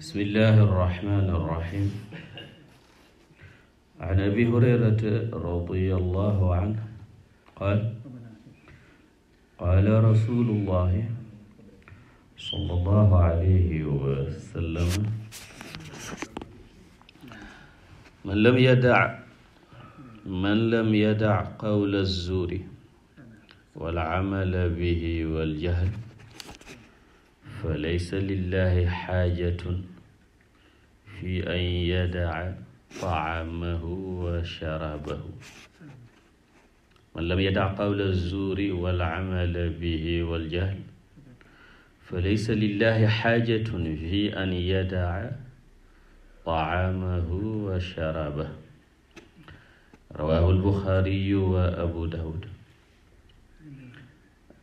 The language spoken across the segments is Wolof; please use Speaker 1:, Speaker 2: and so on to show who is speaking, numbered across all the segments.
Speaker 1: بسم الله الرحمن الرحيم عن أبي هريرة رضي الله عنه قال قال رسول الله صلى الله عليه وسلم من لم يدع من لم يدع قول الزور والعمل به والجهل فليس لله حاجة في أن يدع طعامه وشرابه من لم يدع قول الزور والعمل به والجهل فليس لله حاجة في أن يدع طعامه وشرابه رواه البخاري وأبو داود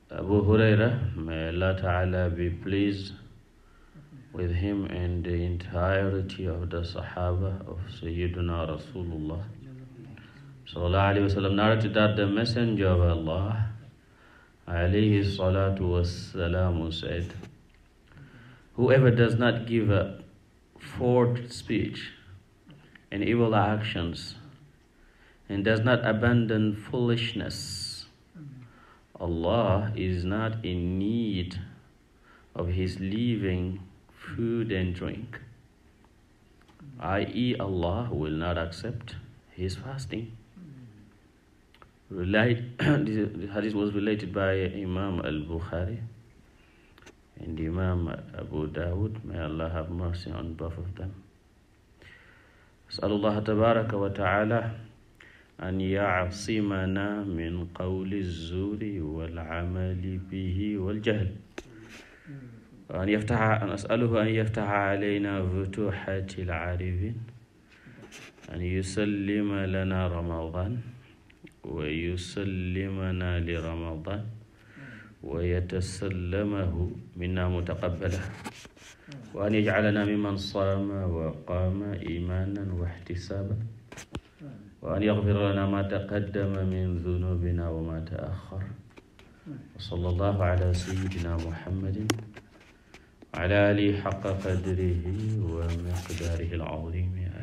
Speaker 1: Abu Huraira, may Allah Ta'ala be pleased with him and the entirety of the Sahaba of Sayyidina Rasulullah sallallahu alayhi wa sallam narrated that the Messenger of Allah alayhi salatu wasalam said, Whoever does not give a forward speech and evil actions and does not abandon foolishness Allah is not in need of his living food and drink, i.e., Allah will not accept his fasting. Relate, the hadith was related by Imam al Bukhari and Imam Abu Dawud. May Allah have mercy on both of them. أسأل الله تبارك وتعالى an yacsimana min qawli zzuuri walcamali bihi waljahl an yaftaxa an asaluhu an yaftaxa alayna futuxati lcaribin an yusallima lana ramadan wa yusallimana li ramadan wa yatasallamahu minna mutaqabbala wa an yajcalana mimman saama wa qaama imaanan wa ixtisaaban wa an yaxfira lana ma taqaddama min zunubina wa ma taaxar wa sallallahu ala sayidina muhammadin wa ala alihi xaqa qadrihi wa miqdaarihi al-azim